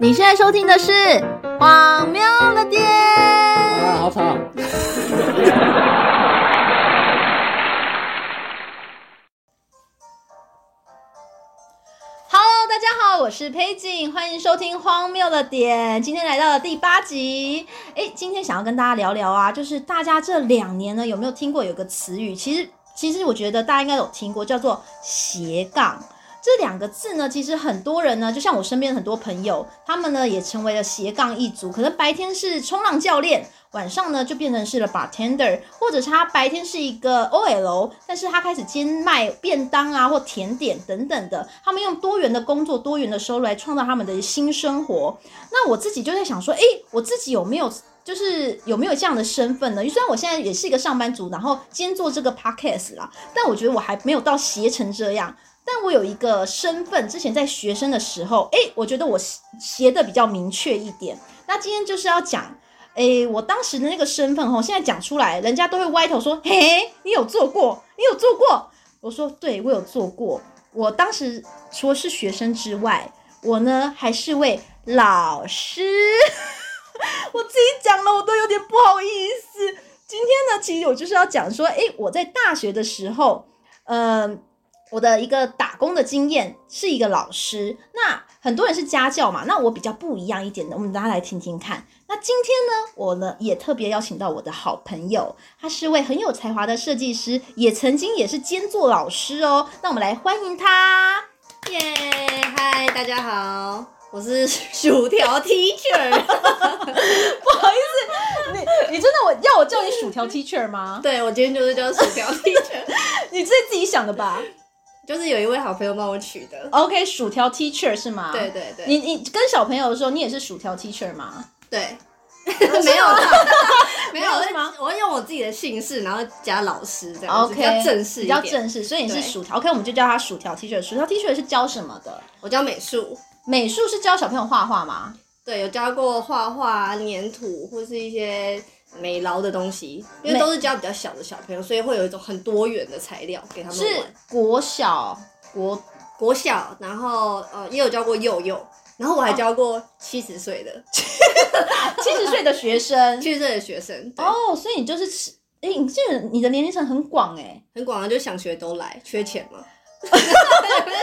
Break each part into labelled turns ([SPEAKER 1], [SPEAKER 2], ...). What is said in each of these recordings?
[SPEAKER 1] 你現在收聽的是《荒謬了點》。啊，好吵！哈嘍，大家好，我是佩錦，歡迎收聽《荒謬了點》。今天來到了第八集。哎，今天想要跟大家聊聊啊，就是大家這兩年呢有沒有聽過有個詞語？其實，其實我覺得大家應該有聽過，叫做斜槓。這兩個字呢，其實很多人呢，就像我身邊很多朋友，他們呢也成為了斜槓一族。可能白天是衝浪教練，晚上呢就變成是了 bartender，或者是他白天是一個 OL，但是他開始兼賣便當啊或甜點等等的。他們用多元的工作、多元的收入來創造他們的新生活。那我自己就在想說，哎，我自己有沒有就是有沒有這樣的身份呢？因為雖然我現在也是一個上班族，然後兼做這個 podcast 啦，但我覺得我還沒有到斜成這樣。但我有一個身份，之前在學生的時候，誒、欸，我覺得我學的比較明確一點。那今天就是要講，誒、欸，我當時的那個身份，吼，現在講出來，人家都會歪頭說：“嘿，你有做過？你有做過？”我說：“對，我有做過。”我當時除了是學生之外，我呢還是位老師。 我自己講了，我都有點不好意思。今天呢，其實我就是要講說，誒、欸，我在大學的時候，嗯、呃。我的一個打工的經驗是一個老師，那很多人是家教嘛，那我比較不一樣一點的，我們大家來聽聽看。那今天呢，我呢也特別邀請到我的好朋友，他是位很有才華的設計師，也曾經也是兼做老師哦、喔。那我們來歡迎他。耶，嗨，大家好，我是薯條 Teacher。 不好意思，你你真的我要我叫你薯條 Teacher 嗎？ 對，我今天就是叫薯條 Teacher， 你是自己想的吧。就是有一位好朋友幫我取的，OK，薯條 Teacher 是嗎？對對對，你你跟小朋友的時候，你也是薯條 Teacher 嗎？對， 是嗎 沒有，沒有，是嗎？我會用我自己的姓氏，然後加老師這樣子，OK，比較正式一點，比較正式，所以你是薯條，OK，我們就叫他薯條 Teacher。薯條 Teacher 是教什麼的？我教美術，美術是教小朋友畫畫嗎？對，有教過畫畫、粘土或是一些。美勞的東西，因為都是教比較小的小朋友，所以會有一種很多元的材料給他們玩。是國小，國國小，然後呃，也有教過幼幼，然後我還教過七十歲的七十歲的學生，七十歲的學生。哦，oh, 所以你就是吃，哎、欸，你這個你的年齡層很廣哎、欸，很廣啊，就想學都來，缺錢嗎？不哈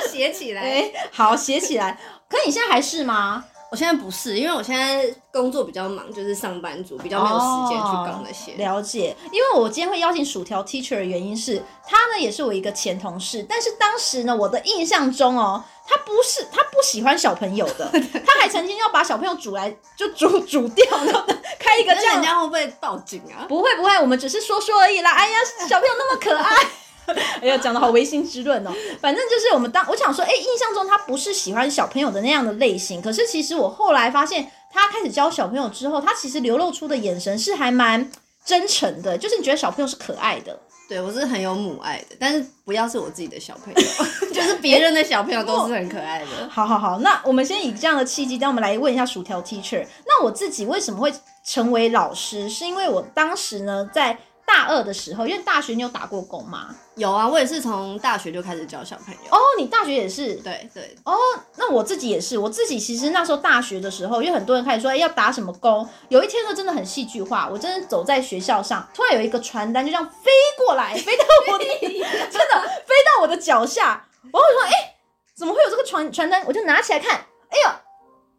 [SPEAKER 1] 寫起來， 欸、好寫起來。 可你現在還是嗎？我現在不是，因為我現在工作比較忙，就是上班族，比較沒有時間去搞那些。哦，了解，因為我今天會邀請薯條 teacher 的原因是，他呢也是我一個前同事，但是當時呢我的印象中哦、喔，他不是他不喜歡小朋友的， 他還曾經要把小朋友煮來就煮煮掉， 然後呢，開一個這樣，人家會不會報警啊？不會不會，我們只是說說而已啦。哎呀，小朋友那麼可愛。 哎呀，講得好違心之論哦。反正就是我們當我想說，誒、欸、印象中他不是喜歡小朋友的那樣的類型。可是其實我後來發現，他開始教小朋友之後，他其實流露出的眼神是還蠻真誠的，就是你覺得小朋友是可愛的，對，我是很有母愛的。但是不要是我自己的小朋友， 就是別人的小朋友都是很可愛的、欸。好好好，那我們先以這樣的契機，讓我們來問一下薯條 Teacher。那我自己為什麼會成為老師，是因為我當時呢在。大二的時候，因為大學你有打過工嗎？有啊，我也是從大學就開始教小朋友。哦、oh,，你大學也是？對對。哦、oh,，那我自己也是。我自己其實那時候大學的時候，因為很多人開始說、欸、要打什麼工，有一天呢真的很戲劇化。我真的走在學校上，突然有一個傳單就這樣飛過來， 飛到我的，真 的飛到我的腳下。我會說：“哎、欸，怎麼會有這個傳傳單？”我就拿起來看，哎呦！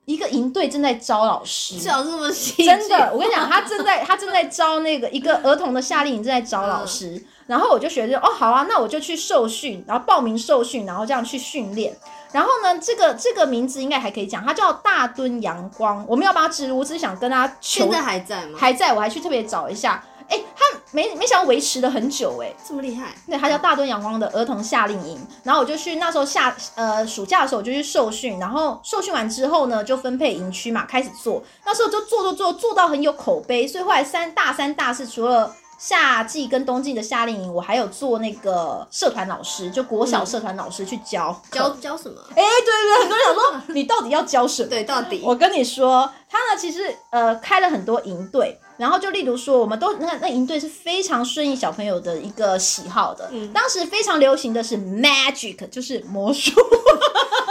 [SPEAKER 1] 一個營隊正在招老師，這麼，真的，我跟你講，他正在他正在招那個一個兒童的夏令營正在招老師，嗯、然後我就覺得哦，好啊，那我就去受訓，然後報名受訓，然後這樣去訓練，然後呢，這個這個名字應該還可以講，他叫大墩陽光，我沒有把他植入，我只是想跟他現在還在嗎？還在，我還去特別找一下。哎、欸，他沒沒想到維持了很久，哎、欸，這麼厲害。對，他叫大墩陽光的兒童夏令營，然後我就去那時候夏呃暑假的時候我就去受訓，然後受訓完之後呢，就分配營區嘛，開始做，那時候就做做做做到很有口碑，所以後來三大三大四除了夏季跟冬季的夏令營，我還有做那個社團老師，就國小社團老師去教、嗯、教教什麼？哎、欸，對對對，很多人想說你到底要教什麼？對，到底我跟你說，他呢其實呃開了很多營隊。然後就例如說，我們都那那營隊是非常順應小朋友的一個喜好的。嗯，當時非常流行的是 magic，就是魔術。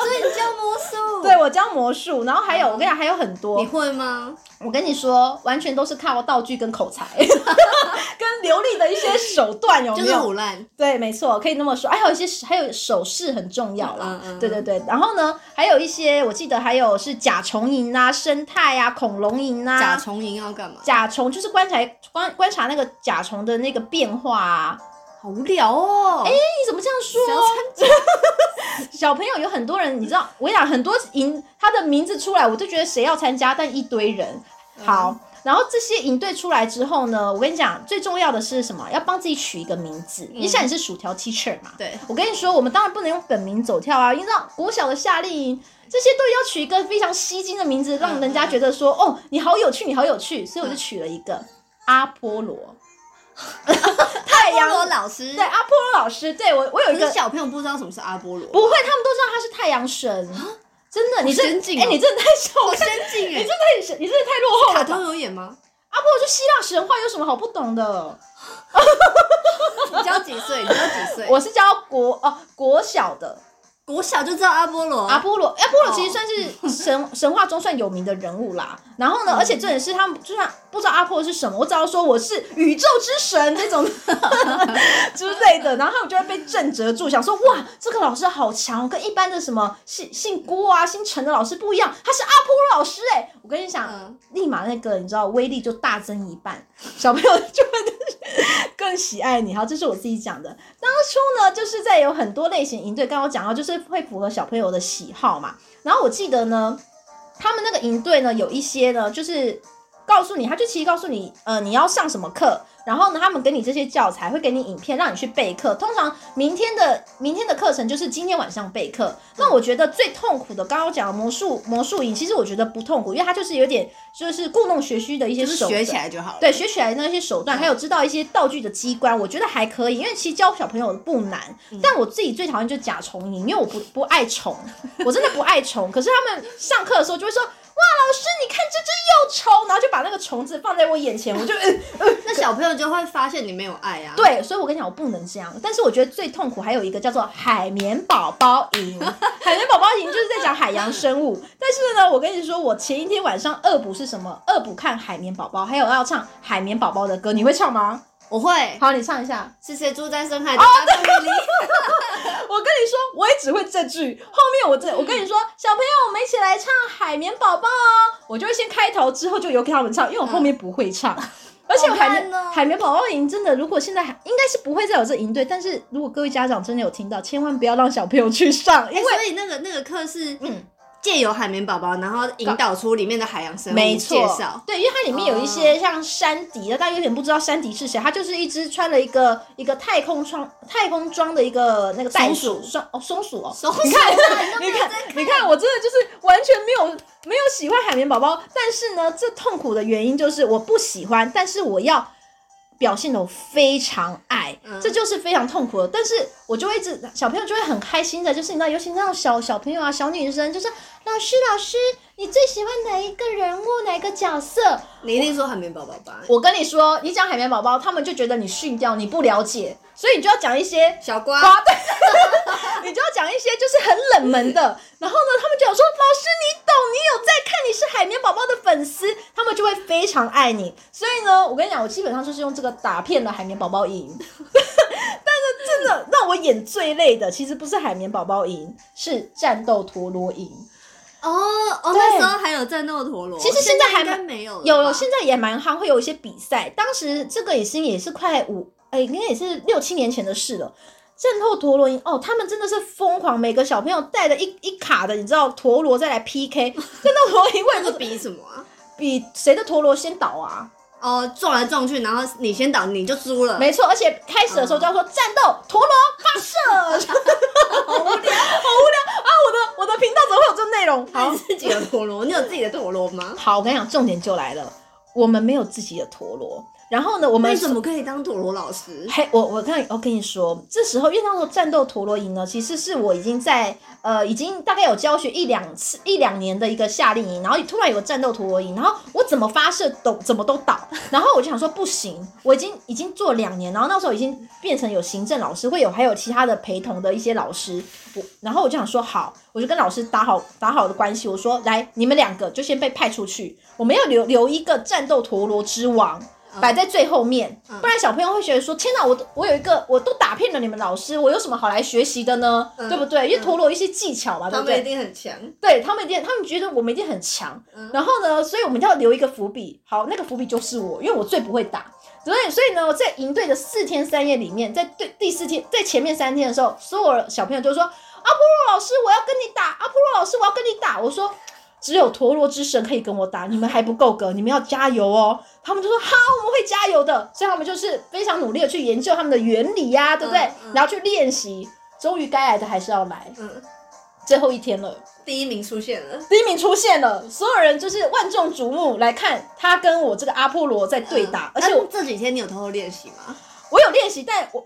[SPEAKER 1] 所以你教魔術？ 對，我教魔術，然後還有、嗯、我跟你講還有很多。你會嗎？我跟你說，完全都是靠道具跟口才， 跟流利的一些手段，有沒有？就是唬爛。對，沒錯，可以那麼說。還有一些，還有手勢很重要啦。嗯，嗯嗯。對對對。然後呢，還有一些，我記得還有是甲蟲營啊，生態啊，恐龍營啊。甲蟲營要幹嘛？甲蟲就是觀察觀觀察那個甲蟲的那個變化啊。好無聊哦！哎、欸，你怎麼這樣說？ 小朋友有很多人，你知道，我跟你講很多營，他的名字出來，我就覺得誰要參加，但一堆人。好，然後這些營隊出來之後呢，我跟你講，最重要的是什麼？要幫自己取一個名字。你、嗯、想你是薯條 Teacher 嘛？對，我跟你說，我們當然不能用本名走跳啊，因為你知道，國小的夏令營這些都要取一個非常吸睛的名字，讓人家覺得說，嗯、哦，你好有趣，你好有趣。所以我就取了一個、嗯、阿波羅。 太陽，阿波羅老師。對，阿波羅老師對，我我有一個小朋友不知道什麼是阿波羅不會，他們都知道他是太陽神真的。先哦、你這哎、欸、你真的太小，我先，你先進，你真的太落後了。卡通有演嗎？阿波羅就希臘神話，有什麼好不懂的？ 你教幾歲？你教幾歲？我是教國哦，國小的。我小就知道阿波羅，阿波羅，阿波羅其實算是神、哦、神話中算有名的人物啦。 然後呢，而且這也是他們就算不知道阿波羅是什麼，我只要說我是宇宙之神這種之類的，然後他們就會被震懾住，想說哇，這個老師好強，跟一般的什麼姓姓郭啊、姓陳的老師不一樣，他是阿波羅老師哎、欸！我跟你講，立馬那個你知道威力就大增一半，小朋友就會更喜愛你哈。這是我自己講的，當初呢就是在有很多類型營隊，剛剛我講到就是。會符合小朋友的喜好嘛？然後我記得呢，他們那個營隊呢，有一些呢，就是。告訴你，他就其實告訴你，呃，你要上什麼課，然後呢，他們給你這些教材，會給你影片，讓你去備課。通常明天的明天的課程就是今天晚上備課。嗯、那我覺得最痛苦的，剛剛講的魔術魔術營，其實我覺得不痛苦，因為他就是有點就是故弄玄虛的一些手段，就是、學起來就好對，學起來的那些手段、嗯，還有知道一些道具的機關，我覺得還可以。因為其實教小朋友不難、嗯，但我自己最討厭就甲蟲營，因為我不不愛蟲，我真的不愛蟲。 可是他們上課的時候就會說。哇，老師，你看這隻幼蟲，然後就把那個蟲子放在我眼前，我就，嗯嗯，那小朋友就會發現你沒有愛啊。對，所以我跟你講，我不能這樣。但是我覺得最痛苦還有一個叫做《海綿寶寶》營， 《海綿寶寶》營就是在講海洋生物。 但是呢，我跟你說，我前一天晚上惡補是什麼？惡補看《海綿寶寶》，還有要唱《海綿寶寶》的歌， 你會唱嗎？我會，好，你唱一下。謝謝、oh，住在深海的。我跟你說，我也只會這句。後面我這，我跟你說，小朋友，我們一起來唱《海綿寶寶》哦。我就會先開頭，之後就由給他們唱，因為我後面不會唱。Uh, 而且我海綿、哦，海綿寶寶營真的，如果現在還應該是不會再有這營隊。但是如果各位家長真的有聽到，千萬不要讓小朋友去上，欸、因為所以那個那個課是嗯。借由海綿寶寶，然後引導出裡面的海洋生物介紹。沒錯。對，因為它裡面有一些像珊迪的，大、哦、家有點不知道珊迪是誰，他就是一隻穿了一個一個太空裝，太空裝的一個那個袋鼠松鼠，松哦松鼠哦。松鼠你看，看，你看，你看，我真的就是完全沒有沒有喜歡海綿寶寶，但是呢，這痛苦的原因就是我不喜歡，但是我要。表現的我非常愛、嗯、這就是非常痛苦的。但是我就會一直，小朋友就會很開心的，就是你知道，尤其那種小小朋友啊、小女生，就是老師，老師，你最喜歡哪一個人物、哪個角色？你一定說海綿寶寶吧？我，我跟你說，你講海綿寶寶，他們就覺得你遜掉，你不了解。所以你就要講一些小瓜，對 你就要講一些就是很冷門的， 然後呢，他們就說，老師你懂，你有在看，你是海綿寶寶的粉絲，他們就會非常愛你。所以呢，我跟你講，我基本上就是用這個打片的海綿寶寶贏， 但是真的讓我演最累的其實不是海綿寶寶贏，是戰鬥陀螺贏。哦哦，那時候還有戰鬥陀螺，其實現在還現在沒有，有了，現在也蠻夯，會有一些比賽。當時這個也是也是快五。哎、欸，應該也是六七年前的事了。戰鬥陀螺儀哦，他們真的是瘋狂，每個小朋友帶着一一卡的，你知道陀螺再來 PK，真的我以為是比什麼、啊？比誰的陀螺先倒啊？哦、呃，撞來撞去，然後你先倒你就輸了。沒錯，而且開始的時候就要說、嗯、戰鬥陀螺發射， 好無聊，好無聊 啊！我的我的頻道怎麼會有這種內容？好，自己的陀螺，你有自己的陀螺嗎？好，我跟你講，重點就來了，我們沒有自己的陀螺。然後呢，我們為什麼可以當陀螺老師？嘿，hey，我我看，我跟你說，這時候因為那時候戰鬥陀螺營呢，其實是我已經在呃，已經大概有教學一兩次、一兩年的一個夏令營，然後突然有個戰鬥陀螺營，然後我怎麼發射都怎麼都倒，然後我就想說不行，我已經已經做兩年，然後那時候已經變成有行政老師，會有還有其他的陪同的一些老師，不，然後我就想說好，我就跟老師打好打好的關係，我說，來你們兩個就先被派出去，我們要留留一個戰鬥陀螺之王。擺在最後面，嗯，不然小朋友會覺得說，嗯：天哪，我我有一個，我都打遍了你們老師，我有什麼好來學習的呢，嗯？對不對？嗯，因為陀螺有一些技巧嘛，對不對？他們一定很強，對他們一定，他們覺得我們一定很強，嗯。然後呢，所以我們要留一個伏筆，好，那個伏筆就是我，因為我最不會打。所以所以呢，在營隊的四天三夜裡面，在對第四天，在前面三天的時候，所有小朋友就說：阿波羅老師，我要跟你打！阿波羅老師，我要跟你打！我說。只有陀螺之神可以跟我打，你們還不夠格，你們要加油哦！他們就說好、啊，我們會加油的。所以他們就是非常努力的去研究他們的原理呀、啊嗯，對不對？然後去練習、嗯。終於該來的還是要來。嗯，最後一天了，第一名出現了，第一名出現了，所有人就是萬眾矚目來看他跟我這個阿波羅在對打。嗯、而且我這幾天你有偷偷練習嗎？我有練習，但我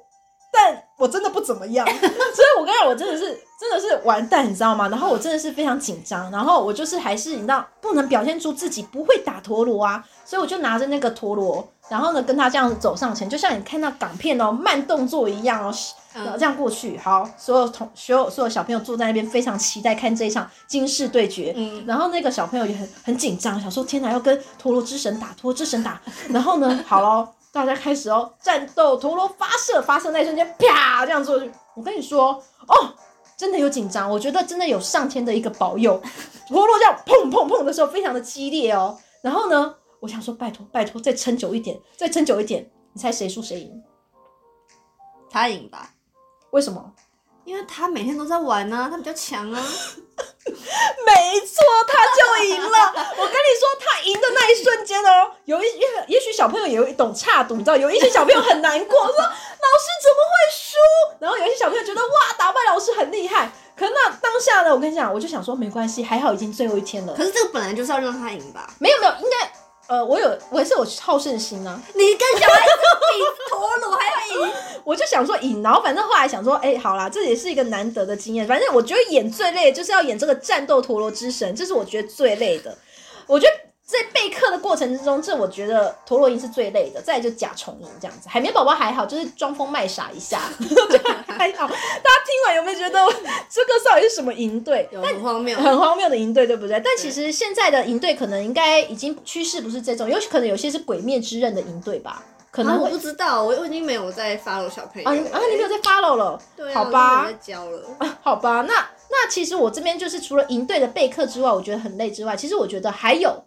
[SPEAKER 1] 但我真的不怎麼樣， 所以我剛才我真的是。真的是完蛋，你知道嗎？然後我真的是非常緊張、嗯，然後我就是還是你知道不能表現出自己不會打陀螺啊，所以我就拿着那個陀螺，然後呢，跟他這樣走上前，就像你看到港片哦、喔、慢動作一樣哦、喔，然、嗯、後這樣過去。好，所有同所有所有小朋友坐在那邊，非常期待看這一場驚世對決。嗯，然後那個小朋友也很很緊張，想說天哪，要跟陀螺之神打陀螺之神打。 然後呢，好咯，大家開始哦戰鬥，陀螺發射發射那一瞬間，啪，這樣做就我跟你說哦。真的有緊張，我覺得真的有上天的一個保佑，陀螺這樣砰砰砰，的時候非常的激烈哦。然後呢，我想說，拜托拜托再撐久一點，再撐久一點。你猜誰輸誰贏？他贏吧？為什麼？因為他每天都在玩呢、啊，他比較強啊， 沒錯，他就贏了。 我跟你說，他贏的那一瞬間哦，有一些也也許小朋友也懂差度，你知道，有一些小朋友很難過， 說老師怎麼會輸？然後有一些小朋友覺得哇，打敗老師很厲害。可是那當下呢，我跟你講，我就想說沒關係，還好已經最後一天了。可是這個本來就是要讓他贏吧？ 沒有沒有的，應該。呃，我有，我也是有好勝心啊！你跟小孩子比陀螺還要贏， 我就想說贏。然後反正後來想說，哎、欸，好啦，這也是一個難得的經驗。反正我覺得演最累的就是要演這個戰鬥陀螺之神，這是我覺得最累的。我覺得在備課的過程之中，這我覺得陀螺儀是最累的。再來就甲蟲儀這樣子，海綿寶寶還好，就是裝瘋賣傻一下， 就還好。大家聽完有沒有覺得？到底是什麼營隊？很荒謬，很荒謬的營隊，對不對？但其實現在的營隊可能應該已經趨勢不是這種，有些可能有些是鬼滅之刃的營隊吧？可能、啊、我不知道，我我已經沒有在 follow 小朋友啊、欸、啊，你沒有在 follow 了，對啊、好吧，在教了、啊、好吧，那那其實我這邊就是除了營隊的備課之外，我覺得很累之外，其實我覺得還有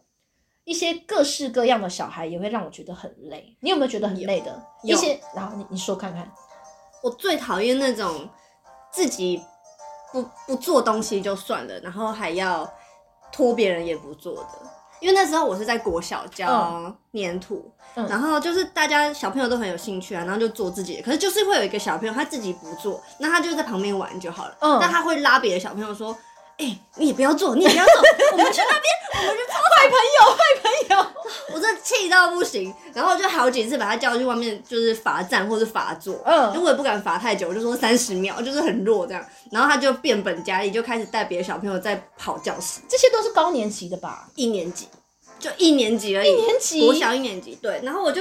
[SPEAKER 1] 一些各式各樣的小孩也會讓我覺得很累。你有沒有覺得很累的？有一些有，然後你你說看看，我最討厭那種自己。不不做東西就算了，然後還要拖別人也不做的。因為那時候我是在國小教、嗯、黏土、嗯，然後就是大家小朋友都很有興趣啊，然後就做自己，可是就是會有一個小朋友他自己不做，那他就在旁邊玩就好了，嗯、但他會拉別的小朋友說。哎、欸，你也不要坐，你也不要坐， 我們去那邊，我們去壞朋友，壞朋友。我真的氣到不行，然後就好幾次把他叫去外面，就是罰站或是罰坐。嗯。但我也不敢罰太久，我就說三十秒，就是很弱這樣。然後他就變本加厲，就開始帶別的小朋友在跑教室。這些都是高年級的吧？一年級，就一年級而已。一年級，國小一年級？對。然後我就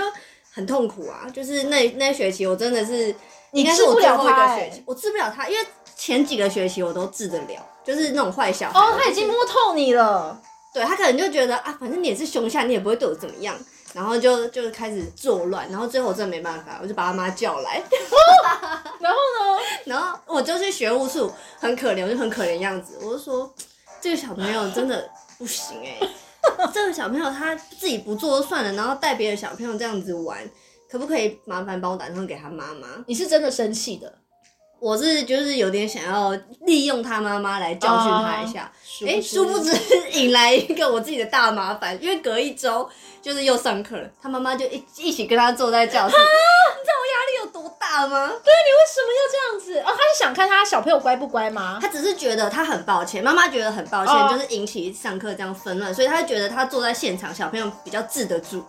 [SPEAKER 1] 很痛苦啊，就是那那學期，我真的是，嗯、是我一個學期，你治不了他欸。我治不了他，因為。前幾個學期我都治得了，就是那種壞小孩。哦、oh,，他已經摸透你了。對，他可能就覺得啊，反正你也是凶下，你也不會對我怎麼樣，然後就就開始作亂，然後最後我真的沒辦法，我就把他媽叫來。 然後呢？然後我就去學務處，很可憐，我就很可憐樣子。我就說這個小朋友真的不行哎、欸， 這個小朋友他自己不做就算了，然後帶別的小朋友這樣子玩，可不可以麻煩幫我打電話給他媽媽？你是真的生氣的。我是就是有點想要利用他媽媽來教訓他一下，哎、哦，殊、欸、不知引來一個我自己的大麻煩，因為隔一周就是又上課了，他媽媽就一起一起跟他坐在教室。啊、你知道我壓力有多大嗎？ 對，你為什麼要這樣子？哦，他是想看看他小朋友乖不乖嗎？他只是覺得他很抱歉，媽媽覺得很抱歉，哦、就是引起上課這樣紛亂，所以他覺得他坐在現場，小朋友比較治得住。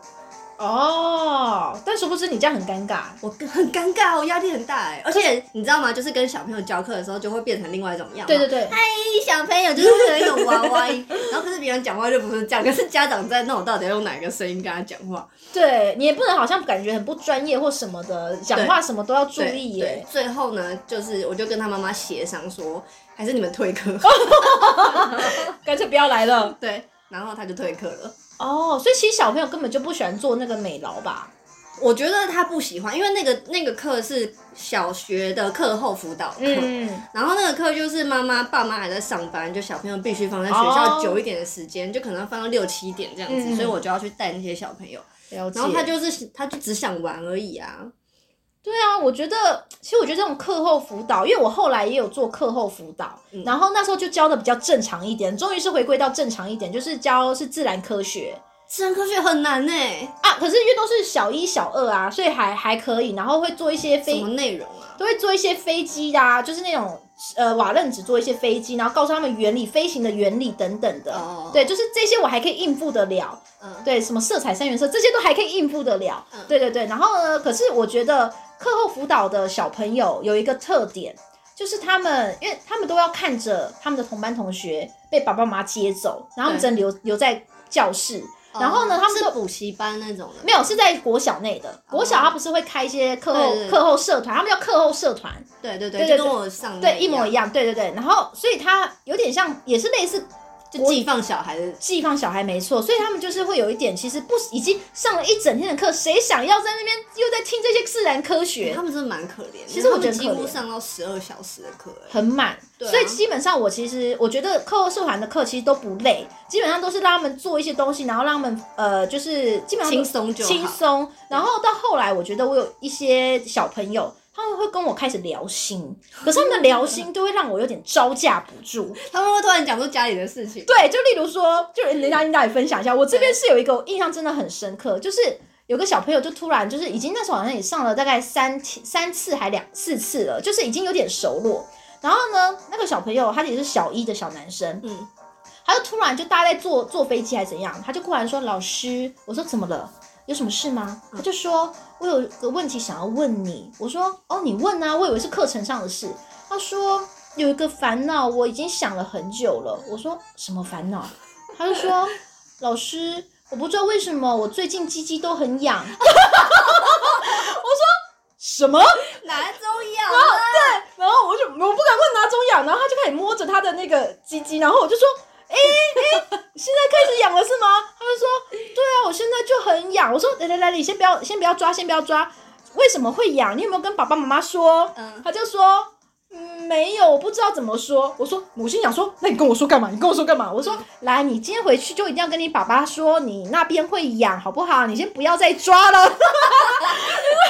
[SPEAKER 1] 哦、oh，但殊不知你這樣很尷尬，我很尷尬，我壓力很大哎。而且你知道嗎？就是跟小朋友教課的時候，就會變成另外一種樣。對對對，嗨小朋友，就是會有一種娃娃音。 然後可是別人講話就不是這樣，可是家長在弄，到底要用哪一個聲音跟他講話？對，你也不能好像感覺很不專業或什麼的，講話什麼都要注意耶對對。對，最後呢，就是我就跟他媽媽協商說，還是你們退課，乾 脆不要來了。對，然後他就退課了。哦，oh，所以其實小朋友根本就不喜歡做那個美勞吧？我覺得他不喜歡，因為那個那個課是小學的課後輔導課，嗯，然後那個課就是媽媽、爸媽還在上班，就小朋友必須放在學校久一點的時間，oh，就可能要放到六七點這樣子，嗯，所以我就要去帶那些小朋友。然後他就是他就只想玩而已啊。對啊，我覺得其實我覺得這種課後輔導，因為我後來也有做課後輔導、嗯，然後那時候就教的比較正常一點，終於是回歸到正常一點，就是教是自然科學，自然科學很難呢、欸、啊，可是因為都是小一小二啊，所以還還可以，然後會做一些飛什麼內容啊，都會做一些飛機的、啊，就是那種。呃，瓦楞紙做一些飛機，然後告訴他們原理，飛行的原理等等的。Oh. 對，就是這些我還可以應付得了。Uh. 對，什麼色彩三原色這些都還可以應付得了。Uh. 對對對。然後呢，可是我覺得課後輔導的小朋友有一個特點，就是他們因為他們都要看着他們的同班同學被爸爸媽媽接走，然後他們只能留、uh. 留在教室。然後呢？哦、他們是補習班那種的，沒有是在國小內的、哦。國小他不是會開一些課後課後社團，他們叫課後社團。對對對對，對，對，就跟我上，對，一模一樣。對對對，然後所以他有點像，也是類似。就寄放小孩的，寄放小孩沒錯，所以他們就是會有一點，其實不，已經上了一整天的課，誰想要在那邊又在聽這些自然科學？嗯，他們真的蠻可憐。其實我覺得幾乎上到十二小時的課，很滿。對啊，所以基本上我其實我覺得課後社團的課其實都不累，基本上都是讓他們做一些東西，然後讓他們呃，就是基本上輕鬆輕鬆。然後到後來，我覺得我有一些小朋友，他們會跟我開始聊心，可是他們的聊心就會讓我有點招架不住。 他們會突然講出家裡的事情。對，就例如說，就人家 你也分享一下，我這邊是有一個印象真的很深刻，就是有個小朋友就突然就是已經那時候好像也上了大概三三次還兩次次了，就是已經有點熟絡。然後呢，那個小朋友他也是小一的小男生，嗯，他就突然就大概在坐坐飛機還是怎樣，他就突然說：“老師，我說怎麼了？”有什麼事嗎、嗯？他就說：“我有一個問題想要問你。”我說：“哦，你問啊。”我以為是課程上的事。他說：“有一個煩惱，我已經想了很久了。”我說：“什麼煩惱？” 他就說：“老師，我不知道為什麼我最近雞雞都很癢。 ” 我說：“什麼？哪種癢？”對，然後我就我不敢問哪種癢，然後他就開始摸着他的那個雞雞，然後我就說。哎哎，現在開始癢了是嗎？他就說，對啊，我現在就很癢。我說，來來來，你先不要，先不要抓，先不要抓。為什麼會癢？你有沒有跟爸爸媽媽說？嗯、他就說、嗯、沒有，我不知道怎麼說。我說，我心想說，那你跟我說幹嘛？你跟我說幹嘛？我說、嗯，來，你今天回去就一定要跟你爸爸說，你那邊會癢，好不好？你先不要再抓了。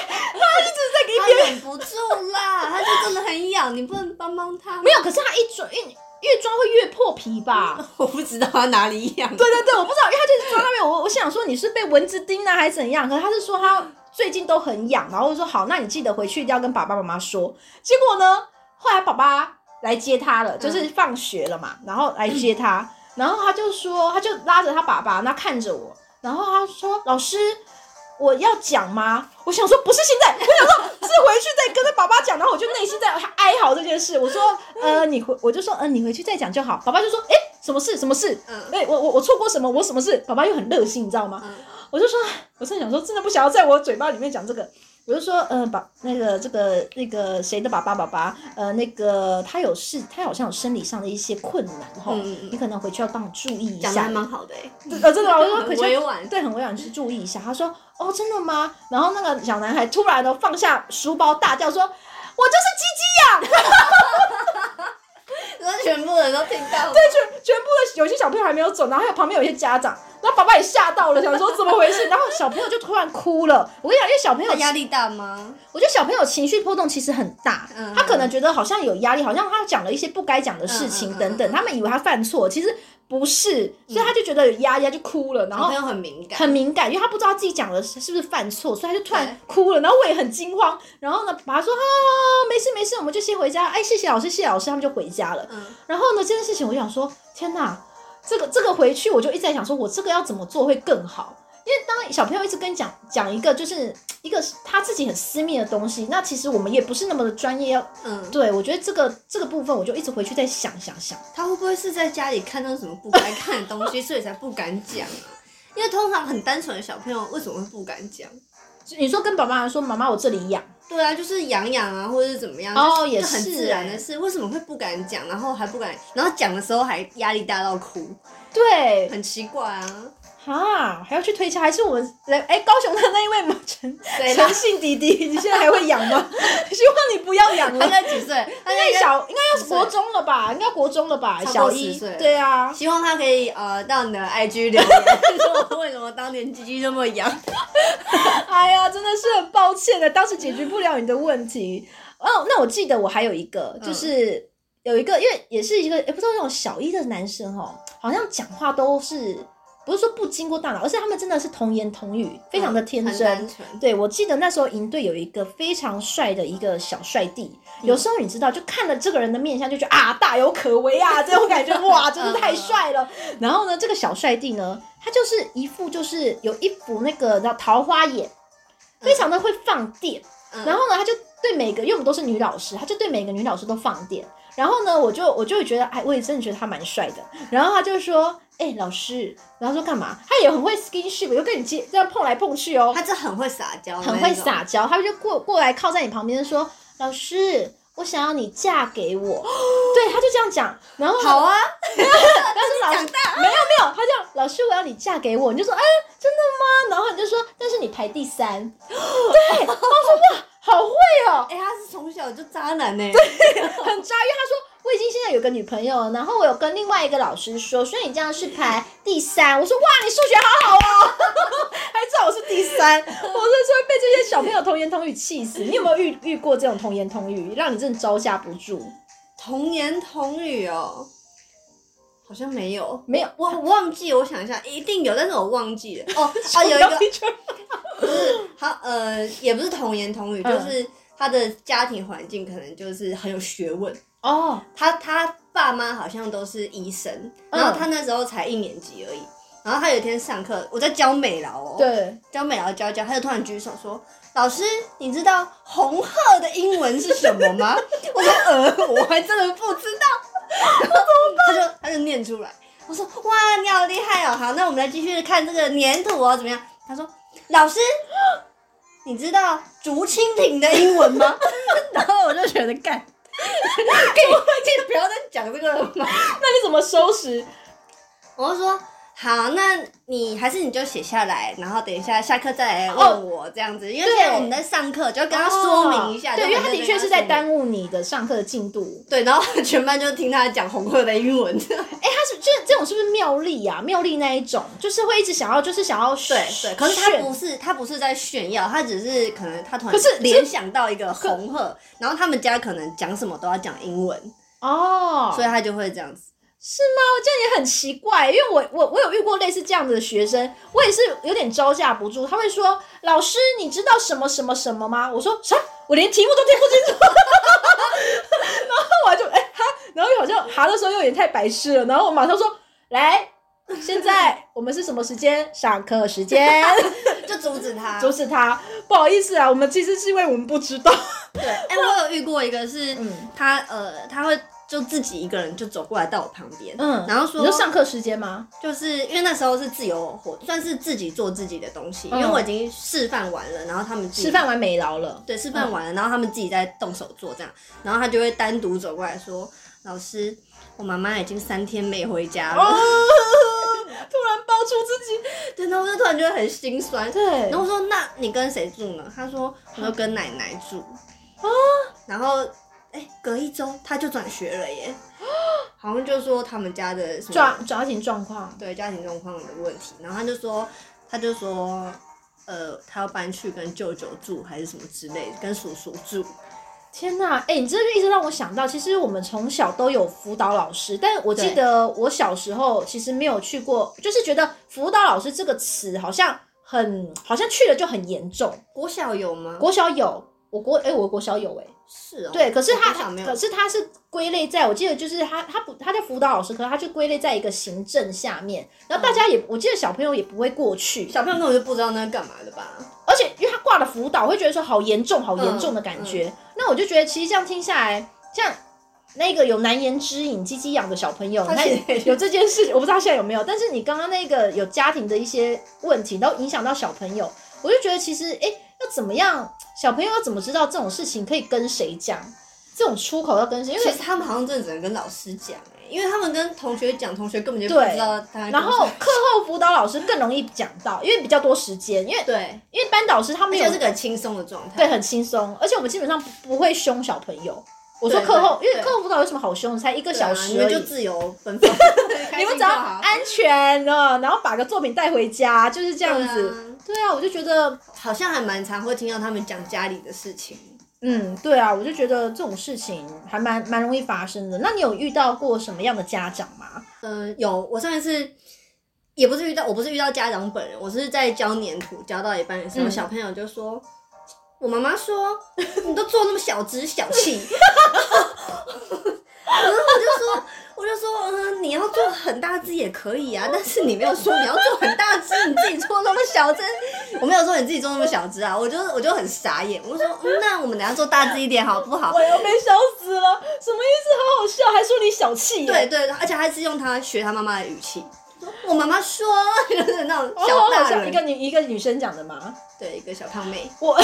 [SPEAKER 1] 他一直在給別人忍不住啦，他就真的很癢， 你不能幫幫他。沒有，可是他一嘴一。越抓會越破皮吧？我不知道他哪裡癢。 對對對，我不知道，因為他就是抓到那邊。我我想說你是被蚊子叮了還是怎樣？可是他是說他最近都很癢，然後我說好，那你記得回去一定要跟爸爸媽媽說。結果呢，後來爸爸來接他了，就是放學了嘛，嗯、然後來接他，然後他就說，他就拉着他爸爸，那看着我，然後他說、嗯、老師。我要講嗎？我想說不是現在，我想說是回去再跟那爸爸講。 然後我就內心在哀嚎這件事。我說，呃，你回，我就說，嗯、呃，你回去再講就好。爸爸就說，哎、欸，什麼事？什麼事？哎、欸，我我我錯過什麼？我什麼事？爸爸又很熱心，你知道嗎？嗯、我就說，我真的想說，真的不想要在我嘴巴裡面講這個。比如說，呃，寶，那個，這個，那個誰的爸爸爸爸，呃，那個他有事，他好像有生理上的一些困難，哈、嗯嗯，你可能回去要幫我注意一下。講的蠻好的、欸，哎，呃，真的嗎 很委婉，我說回去，對，很委婉 去注意一下。他說，哦，真的嗎？然後那個小男孩突然的放下書包，大叫說：“我就是雞雞癢！ ”全部的人都聽到了，對，全全部的有些小朋友還沒有走，然後還有旁邊有一些家長，然後爸爸也嚇到了，想說怎麼回事，然後小朋友就突然哭了。我跟你講，因為小朋友壓力大嗎？我覺得小朋友情緒波動其實很大，嗯，他可能覺得好像有壓力，好像他講了一些不該講的事情等等，嗯，他們以為他犯錯，其實。不是，所以他就覺得壓抑，就哭了。嗯、然後他又很敏感，嗯，很敏感，因為他不知道自己講的是不是犯錯，所以他就突然哭了。然後我也很驚慌。然後呢，爸爸說啊，沒事沒事，我們就先回家。哎，謝謝老師，謝謝老師，他們就回家了。嗯。然後呢，這件事情，我想說，天吶，這個這個回去，我就一直在想，說我這個要怎麼做會更好。因為當小朋友一直跟你講講一個，就是一個他自己很私密的東西，那其實我們也不是那麼的專業，要嗯，對，我覺得這個這個部分，我就一直回去再想想想，他會不會是在家裡看到什麼不該看的東西， 所以才不敢講啊？因為通常很單純的小朋友，為什麼會不敢講？你說跟爸爸媽媽說，媽媽我這裡癢，對啊，就是癢癢啊，或者是怎麼樣，哦，也是很自然的事是，為什麼會不敢講？然後還不敢，然後講的時候還壓力大到哭，對，很奇怪啊。啊，還要去推銷，還是我們來？哎、欸，高雄的那一位某陳陳姓弟弟，你現在還會癢嗎？希望你不要癢。他才幾歲？他應該小，應該要國中了吧？應該國中了吧？1, 小一。對啊。希望他可以呃到你的 IG 留言， 就是說我為什麼當年弟弟那麼癢。 哎呀，真的是很抱歉的，當時解決不了你的問題。哦、oh,，那我記得我還有一個，就是有一個，因為也是一個，也、欸、不知道那種小一的男生哦，好像講話都是。不是說不經過大腦，而是他們真的是童言童語，非常的天真。哦、對我記得那時候營隊有一個非常帥的一個小帥弟、嗯，有時候你知道，就看了這個人的面相，就覺得啊，大有可為啊，這種感覺，哇， 真的是太帥了、嗯。然後呢，這個小帥弟呢，他就是一副就是有一副那個叫桃花眼，非常的會放電。嗯、然後呢，他就對每個因為我們都是女老師，他就對每個女老師都放電。然後呢，我就我就會覺得，哎，我也真的覺得他蠻帥的。然後他就說。哎、欸，老師，然後說幹嘛？他也很會 skinship，就跟你接這樣碰來碰去哦、喔。他就很會撒嬌，很會撒嬌。他就過過來靠在你旁邊說：“老師，我想要你嫁給我。” 對，他就這樣講。然後 好啊，然後說，老師 沒有沒有，他這樣 老師我要你嫁給我，你就說，哎、欸、真的嗎？然後你就說但是你排第三。 對，他說，哇，好會哦、喔，哎、欸、他是從小就渣男呢、欸， 對，很渣。因為他說。我已經現在有個女朋友了，然後我有跟另外一個老師說，所以你這樣是排第三。我說哇，你數學好好哦、喔， 還知道我是第三， 我是說會被這些小朋友童言童語氣死。你有沒有遇遇過這種童言童語，讓你真的招架不住？童言童語哦、喔，好像沒有，沒有，我忘記，我想一下，一定有，但是我忘記了。 哦，啊、哦，有一個， 不是他呃，也不是童言童語，就是他的家庭環境可能就是很有學問。哦、oh,，他他爸媽好像都是醫生，嗯、然後他那時候才一年級而已。然後他有一天上課，我在教美勞，哦，對，教美勞教教，他就突然舉手說：“老師，你知道紅鶴的英文是什麼嗎？” 我說：“呃，我還真的不知道。 ”他就他就念出來。我說：“哇，你好厲害哦！好，那我們來繼續看這個粘土哦，怎麼樣？”他說：“老師，你知道竹蜻蜓的英文嗎？” 然後我就選擇干。給我記得不要再講這個了嘛。 那你怎麼收拾？我是說。好，那你還是你就寫下來，然後等一下下課再來問我這樣子，哦、因為我們在，在上課，哦，就要跟他說明一下。對，跟他跟他對，因為他的確是在耽誤你的上課的進度。對，然後全班就聽他講紅鶴的英文。哎、 欸，他是這這種是不是妙麗啊？妙麗那一種，就是會一直想要，就是想要對對。可是他不是他不是在炫耀，他只是可能他突然聯想到一個紅鶴，然後他們家可能講什麼都要講英文哦，所以他就會這樣子。是嗎？這樣也很奇怪，因為我我我有遇過類似這樣子的學生，我也是有點招架不住。他會說：“老師，你知道什麼什麼什麼嗎？”我說：“啥？我連題目都聽不清楚。 然欸哈”然後我就哎他然後又好像哈的時候又有點太白痴了。然後我馬上說：“來，現在我們是什麼時間？ 上課時間。 ”就阻止他， 阻止他。不好意思啊，我們其實是因為我們不知道。對，欸、 我有遇過一個是、嗯、他呃，他會。就自己一個人就走過來到我旁邊，嗯，然後說，你就上課時間嗎？就是因為那時候是自由活動，算是自己做自己的東西，嗯，因為我已經示範完了，然後他們自己示範完沒牢了，對，示範完了，嗯，然後他們自己在動手做這樣，然後他就會單獨走過來說，老師，我媽媽已經三天沒回家了，哦，突然抱住自己，真的，然後我就突然覺得很心酸，對，然後我說，那你跟誰住呢？他說我就跟奶奶住，啊，然後。欸、隔一週他就轉學了耶， 好像就說他們家的狀家庭狀況，對家庭狀況的問題，然後他就說他就說，呃，他要搬去跟舅舅住還是什麼之類，跟叔叔住。天哪、啊，哎、欸，你這就一直讓我想到，其實我們從小都有輔導老師，但我記得我小時候其實沒有去過，就是覺得輔導老師這個詞好像很好像去了就很嚴重。國小有嗎？國小有，我國哎、欸，我國小有哎、欸。是、哦、對，可是他，他可是他是歸類在，我記得就是他，他不，他叫輔導老師，可是他就歸類在一個行政下面，然後大家也、嗯，我記得小朋友也不會過去，小朋友根本就不知道那是幹嘛的吧？而且因為他掛了輔導，會覺得說好嚴重，好嚴重的感覺、嗯嗯。那我就覺得其實這樣聽下來，像那個有難言之隱、雞雞癢的小朋友，那有這件事， 我不知道現在有沒有。但是你剛剛那個有家庭的一些問題，都影響到小朋友，我就覺得其實，哎、欸。要怎麼樣？小朋友要怎麼知道這種事情可以跟誰講？這種出口要跟誰？因為其實他們好像真的只能跟老師講、欸、因為他們跟同學講，同學根本就不知道，對。然後課後輔導老師更容易講到， 因為比較多時間。因為對，因為班導師他們就是個很輕鬆的狀態，對，很輕鬆。而且我們基本上不，不會凶小朋友。
[SPEAKER 2] 我說課後，對對對，因為課後
[SPEAKER 1] 輔導有什麼好凶？才一個小時、啊、你們就自由奔放。 你們只要安全哦，然後把個作品帶回家，就是這樣子。對啊，我就覺得好像還蠻常會聽到他們講家裡的事情。嗯，對啊，我就覺得這種事情還蠻蠻容易發生的。那你有遇到過什麼樣的家長嗎？嗯、呃，有，我上一次也不是遇到，我不是遇到家長本人，我是在教粘土，教到一半的時候，候、嗯，小朋友就說：“我媽媽說 你都做那麼小隻小氣。 ” 然後我就說。我就說，嗯、呃，你要做很大隻也可以啊，但是你沒有說你要做很大隻， 你自己做那麼小隻，我沒有說你自己做那麼小隻啊，我就我就很傻眼，我就說、嗯、那我們等下做大隻一點好不好？我又被笑死了，什麼意思？好好笑，還說你小氣。對對，而且還是用他學他媽媽的語氣，我媽媽說就是那種小大人，哦、一個女一個女生講的嘛？對，一個小胖妹。我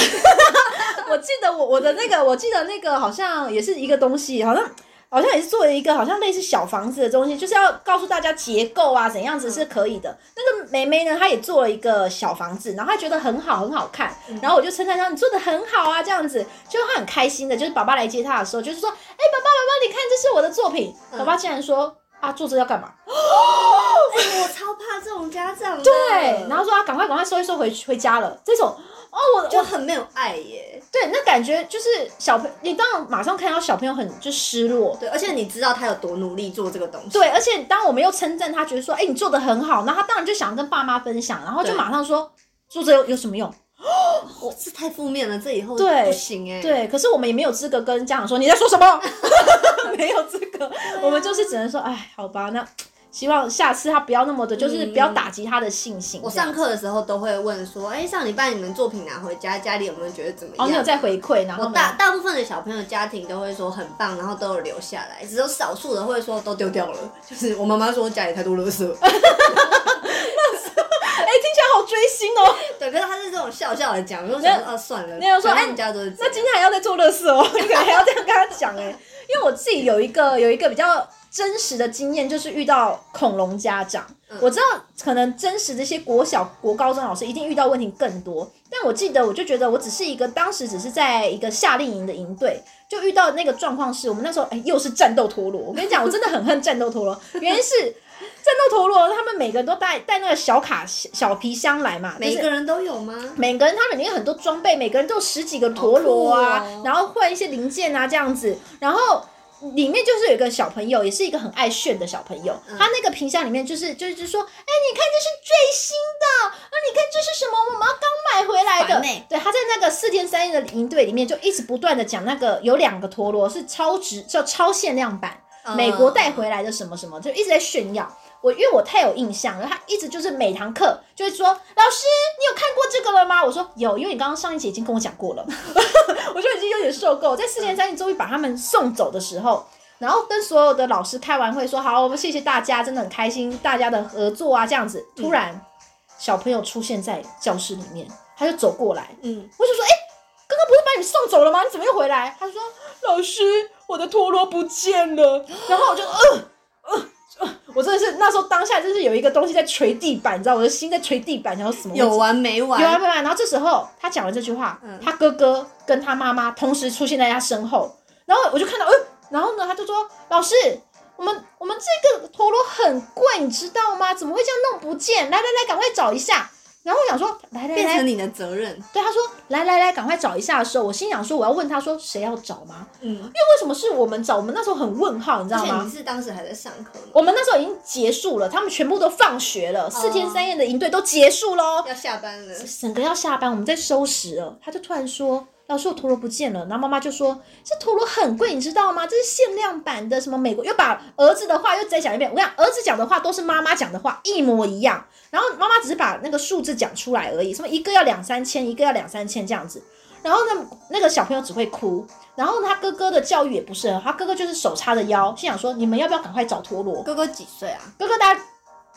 [SPEAKER 1] 我記得我我的那個，我記得那個好像也是一個東西，好像。好像也是做了一個好像類似小房子的東西，就是要告訴大家結構啊怎樣子是可以的。那個妹妹呢，她也做了一個小房子，然後她覺得很好，很好看。然後我就稱讚她：“你做的很好啊！”這樣子，就她很開心的。就是爸爸來接她的時候，就是說：“哎、欸，爸爸，爸爸，你看這是我的作品。嗯”爸爸竟然說：“啊，做這要幹嘛？”哦、欸、我超怕這種家長。對，然後說：“啊，趕快，趕快收一收回，回回家了。”這種。哦，我就很沒有愛耶。對，那感覺就是小朋友，你當然馬上看到小朋友很就失落。對，而且你知道他有多努力做這個東西。對，而且當我們又稱讚他，覺得說，哎、欸，你做得很好，那他當然就想跟爸媽分享，然後就馬上說，做這有有什麼用？哦，這太負面了，這以後對不行耶對。對，可是我們也沒有資格跟家長說你在說什麼， 沒有資格，我們就是只能說，哎，好吧，那。希望下次他不要那麼的，嗯、就是不要打擊他的信心。我上課的時候都會問說，哎、欸，上禮拜你們作品拿回家，家裡有沒有覺得怎麼樣？哦，有在回饋。然後大大部分的小朋友家庭都會說很棒，然後都有留下來，只有少數的會說都丟掉了。就是我媽媽說我家裡太多垃圾，哈哈哈哈哈。哎，聽起來好追星哦、喔。對，可是他是這種笑笑的講，然 後說啊算了。沒有說哎，你家都是、啊，那今天還要再做垃圾哦？ 還要這樣跟他講哎、欸？因為我自己有一個有一個比較。真實的經驗就是遇到恐龍家長、嗯，我知道可能真實的一些國小、國高中老師一定遇到問題更多，但我記得我就覺得我只是一個當時只是在一個夏令營的營隊，就遇到那個狀況是，我們那時候誒，又是戰鬥陀螺，我跟你講，我真的很恨戰鬥陀螺， 原因是戰鬥陀螺他們每個人都帶帶那個小卡小皮箱來嘛，每個人都有嗎？就是、每個人他裡面很多裝備，每個人都有十幾個陀螺啊、哦，然後換一些零件啊這樣子，然後。裡面就是有一個小朋友，也是一個很愛炫的小朋友。嗯、他那個冰箱裡面、就是、就是就是說，哎、欸，你看這是最新的那、啊、你看這是什麼？我們剛買回來的、欸。對，他在那個四天三夜的營隊裡面就一直不斷的講那個有兩個陀螺是超值，叫超限量版，哦、美國帶回來的什麼什麼，就一直在炫耀。我因為我太有印象了，然後他一直就是每堂課就會說：“老師，你有看過這個了嗎？”我說：“有，因為你剛剛上一節已經跟我講過了。 ”我就已經有點受夠， 在四天三你終於把他們送走的時候，然後跟所有的老師開完會說：“好，我們謝謝大家，真的很開心大家的合作啊。”這樣子，突然、嗯、小朋友出現在教室裡面，他就走過來，嗯，我就說：“哎、欸，剛剛不是把你送走了嗎？你怎麼又回來？”他就說：“老師，我的陀螺不見了。”然後我就嗯嗯。呃呃我真的是那時候當下，就是有一個東西在捶地板，你知道我的心在捶地板，然後什麼？有完沒完？有完沒完？然後這時候他講完這句話，嗯，他哥哥跟他媽媽同時出現在他身後，然後我就看到，哎，欸，然後呢，他就說：“老師，我們我們這個陀螺很貴，你知道嗎？怎麼會這樣弄不見？來來來，趕快找一下。”然後我想說，來來來，變成你的責任。對，他說來來來，趕快找一下的時候，我心想說，我要問他說誰要找嗎？嗯，因為為什麼是我們找？我們那時候很問號，你知道嗎？而且你是當時還在上課，我們那時候已經結束了，他們全部都放學了，哦、四天三夜的營隊都結束嘍，要下班了，整個要下班，我們在收拾了，他就突然說。老師，陀螺不見了。然後媽媽就說：“這陀螺很貴，你知道嗎？這是限量版的，什麼美國……又把兒子的話又再講一遍。我跟你講兒子講的話都是媽媽講的話，一模一樣。然後媽媽只是把那個數字講出來而已，什麼一個要兩三千，一個要兩三千這樣子。然後呢，那個小朋友只會哭。然後他哥哥的教育也不適合，他哥哥就是手插着腰，心想說：‘你們要不要趕快找陀螺？’哥哥幾歲啊？哥哥大。”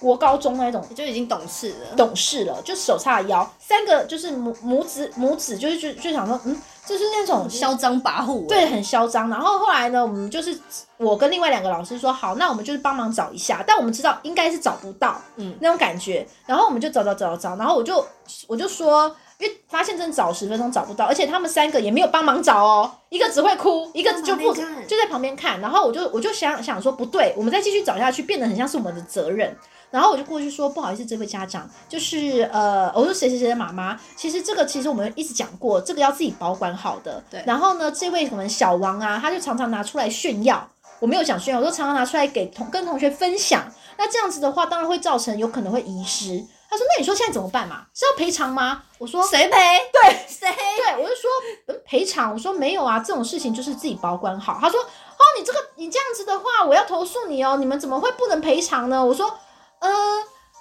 [SPEAKER 1] 國高中那種就已經懂事了，懂事了就手叉腰，三個就是母，母子母子就是就就想說，嗯，就是那種囂張、嗯、跋扈，對，很囂張。然後後來呢，我們就是我跟另外兩個老師說，好，那我們就是幫忙找一下，但我們知道應該是找不到，嗯，那種感覺。然後我們就找找找找，然後我就我就說，因為發現真的找十分鐘找不到，而且他們三個也沒有幫忙找哦，一個只會哭，一個就不邊就在旁邊看。然後我就我就想我就想，想說，不對，我們再繼續找下去，變得很像是我們的責任。然後我就過去說，不好意思，這位家長，就是呃，我說誰誰誰的媽媽。其實這個其實我們一直講過，這個要自己保管好的。對。然後呢，這位我們小王啊，他就常常拿出來炫耀。我沒有想炫耀，我都常常拿出來給同跟同學分享。那這樣子的話，當然會造成有可能會遺失。他說：“那你說現在怎麼辦嘛，啊？是要賠償嗎？”我說：“誰賠？”對，誰？對，我就說賠償。我說沒有啊，這種事情就是自己保管好。他說：“哦，你這個你這樣子的話，我要投訴你哦。你們怎麼會不能賠償呢？”我說。呃，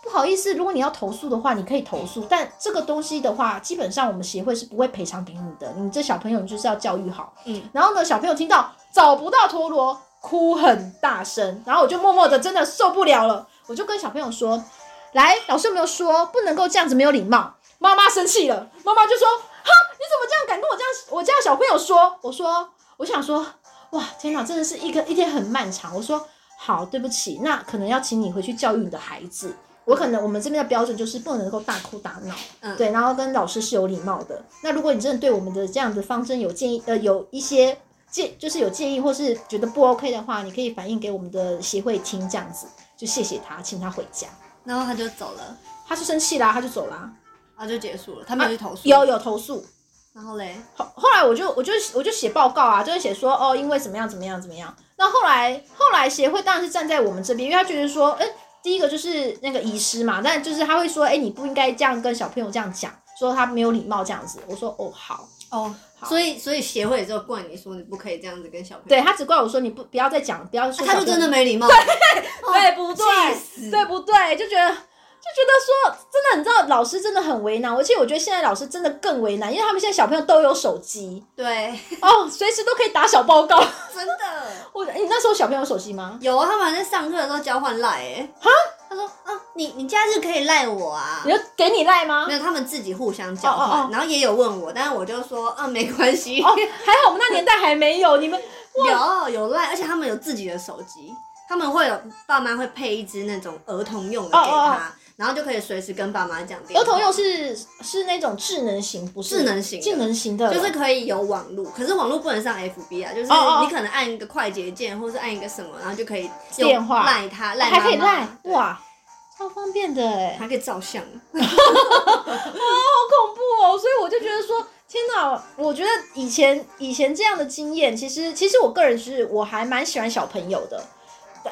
[SPEAKER 1] 不好意思，如果你要投訴的話，你可以投訴，但這個東西的話，基本上我們協會是不會賠償給你的。你這小朋友就是要教育好，嗯。然後呢，小朋友聽到找不到陀螺，哭很大聲，然後我就默默的真的受不了了，我就跟小朋友說：“來，老師有沒有說不能夠這樣子沒有禮貌。”媽媽生氣了，媽媽就說：“哼，你怎麼這樣敢跟我這樣我家小朋友說？”我說：“我想說，哇，天哪，真的是一個一天很漫長。”我說。好，對不起，那可能要請你回去教育你的孩子。我可能我們這邊的標準就是不能夠大哭大鬧，嗯，對。然後跟老師是有禮貌的。那如果你真的對我們的這樣子方針有建議，呃，有一些建就是有建議或是覺得不 OK 的話，你可以反映給我們的協會聽，這樣子，就謝謝他，請他回家。然後他就走了，他就生氣啦，他就走了，啊，就結束了，他沒有去投訴。啊，有有投訴。然後嘞，後後來我就我就我就寫報告啊，就會寫說哦，因為怎麼樣怎麼樣怎麼樣。那後來，後來協會當然是站在我們這邊，因為他覺得說，哎、欸，第一個就是那個醫師嘛，但就是他會說，哎、欸，你不應該這樣跟小朋友這樣講，說他沒有禮貌這樣子。我說，哦，好，哦，好。所以所以協會也就怪你說你不可以這樣子跟小朋友。對，對，對他只怪我說你不不要再講，不要說、啊、他就真的沒禮貌，對、哦、對不對？氣死對不對？就覺得。就覺得說，真的你知道老師真的很為難。我其實我覺得現在老師真的更為難，因為他們現在小朋友都有手機，對哦，隨、oh, 時都可以打小報告。 真的，我、欸、你那時候小朋友有手機嗎？有啊，他們還在上課的時候交換賴誒哈，他說啊，你你假日可以賴我啊，你要給你賴嗎？沒有，他們自己互相交換，oh, oh. 然後也有問我，但是我就說，啊沒關係。哦、okay，還好我們那年代還沒有 你們有有賴，而且他們有自己的手機，他們會有爸媽會配一支那種兒童用的給他。Oh, oh, oh. 然後就可以隨時跟爸媽講電話。兒又是是那種智能型，不是智能型，智能型的，就是可以有網路，可是網絡不能上 F B 啊，就是你可能按一個快捷鍵，哦哦哦，或是按一個什麼，然後就可以電話賴它，還可以賴，哇，超方便的哎，還可以照相，啊， 好恐怖哦！所以我就覺得說，天哪，我覺得以前以前這樣的經驗，其實其實我個人是我還蠻喜歡小朋友的。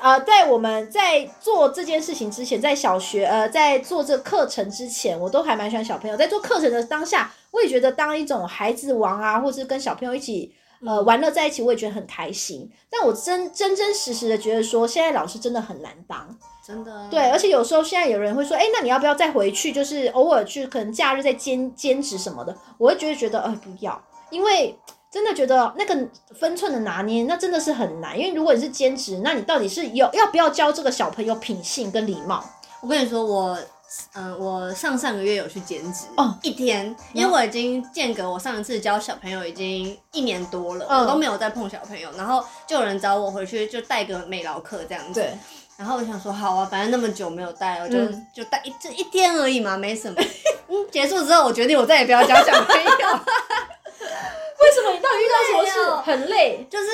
[SPEAKER 1] 呃，在我們在做這件事情之前，在小學呃，在做這課程之前，我都還蠻喜歡小朋友。在做課程的當下，我也覺得當一種孩子王啊，或是跟小朋友一起呃玩樂在一起，我也覺得很開心。但我真真真實實的覺得說，現在老師真的很難當，真的對。而且有時候現在有人會說，欸，那你要不要再回去，就是偶爾去可能假日再兼兼職什麼的？我會覺得覺得，呃，不要，因為。真的覺得那個分寸的拿捏，那真的是很難。因為如果你是兼職，那你到底是有要不要教這個小朋友品性跟禮貌？我跟你說，我，嗯、呃，我上上個月有去兼職哦，一天，因為我已經間隔我上一次教小朋友已經一年多了，嗯，我都沒有在碰小朋友。然後就有人找我回去，就帶個美勞課這樣子。對。然後我想說，好啊，反正那麼久沒有帶我就，嗯，就帶一這一天而已嘛，沒什麼。嗯， 結束之後，我決定我再也不要教小朋友。 為什麼？你到底遇到什麼事，很累？就是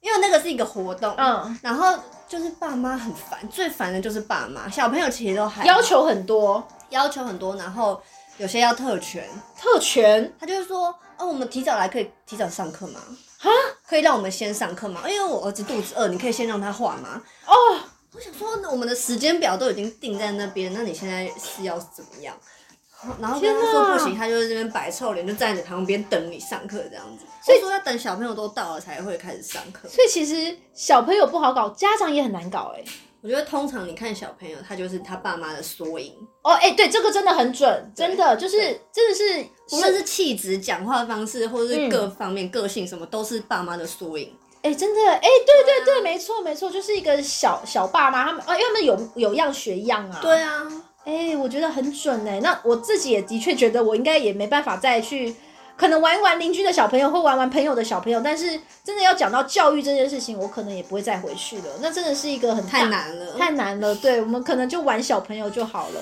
[SPEAKER 1] 因為那個是一個活動，嗯，然後就是爸媽很煩，最煩的就是爸媽。小朋友其實都還要求很多，要求很多，然後有些要特權，特權。他就是說，哦，我們提早來可以提早上課嗎？啊，可以讓我們先上課嗎？因、哎、為我兒子肚子餓，你可以先讓他畫嗎？哦，我想說，我們的時間表都已經定在那邊，那你現在是要怎麼樣？然後跟他說不行，他就在這邊擺臭臉，就站在旁邊等你上課這樣子。所以說要等小朋友都到了才會開始上課。所以其實小朋友不好搞，家長也很難搞。哎、欸。我覺得通常你看小朋友，他就是他爸媽的縮影哦。哎、欸，對，這個真的很準，真的就是真的是，無論是氣質、講話方式，或者是各方面、嗯、個性什麼，都是爸媽的縮影。哎、欸，真的哎、欸，對對對，對、啊，沒錯沒錯，就是一個小小爸媽他們哦、啊，因為他們有有樣學樣啊。對啊。哎、欸，我覺得很準誒、欸，那我自己也的確覺得，我應該也沒辦法再去，可能玩一玩鄰居的小朋友，或玩玩朋友的小朋友。但是，真的要講到教育這件事情，我可能也不會再回去了。那真的是一個很大，太難了，太難了。對，我們可能就玩小朋友就好了。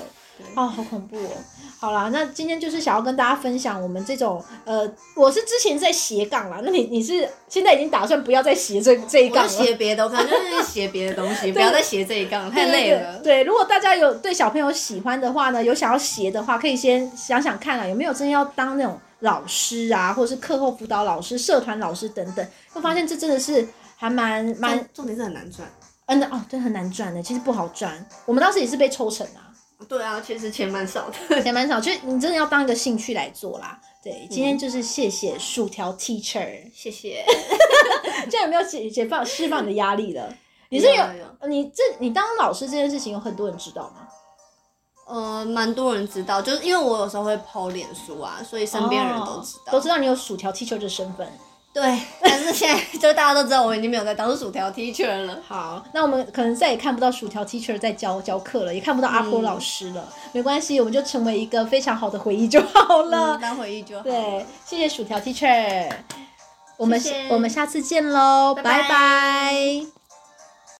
[SPEAKER 1] 哦，好恐怖哦！好啦，那今天就是想要跟大家分享我們這種呃，我是之前在斜槓啦。那你你是現在已經打算不要再斜這這一槓了？我斜別的，我斜別的東西，就是、東西 不要再斜這一槓，太累了對對對。對，如果大家有對小朋友喜歡的話呢，有想要斜的話，可以先想想看啊，有沒有真的要當那種老師啊，或者是課後輔導老師、社團老師等等，會發現這真的是還蠻蠻，重點是很難賺。嗯的哦，對，很難賺的，其實不好賺。我們當時也是被抽成啦、啊。對啊，確實錢蠻少的，錢蠻少，其實你真的要當一個興趣來做啦。對，今天就是謝謝薯條 teacher，、嗯、 謝謝，現在有沒有解放解放釋放你的壓力了？你是有，你這你當老師這件事情有很多人知道嗎？嗯、呃，蠻多人知道，就是因為我有時候會拋臉書啊，所以身邊的人都知道、哦，都知道你有薯條 teacher 這身份。對， 但是現在就是大家都知道，我們已經沒有在當薯條 teacher 了。好，那我們可能再也看不到薯條 teacher 在教教課了，也看不到阿波老師了。嗯、沒關係，我們就成為一個非常好的回憶就好了。嗯、當回憶就好了。對，謝謝薯條 teacher， 我們下我們下次見嘍，拜拜。Bye bye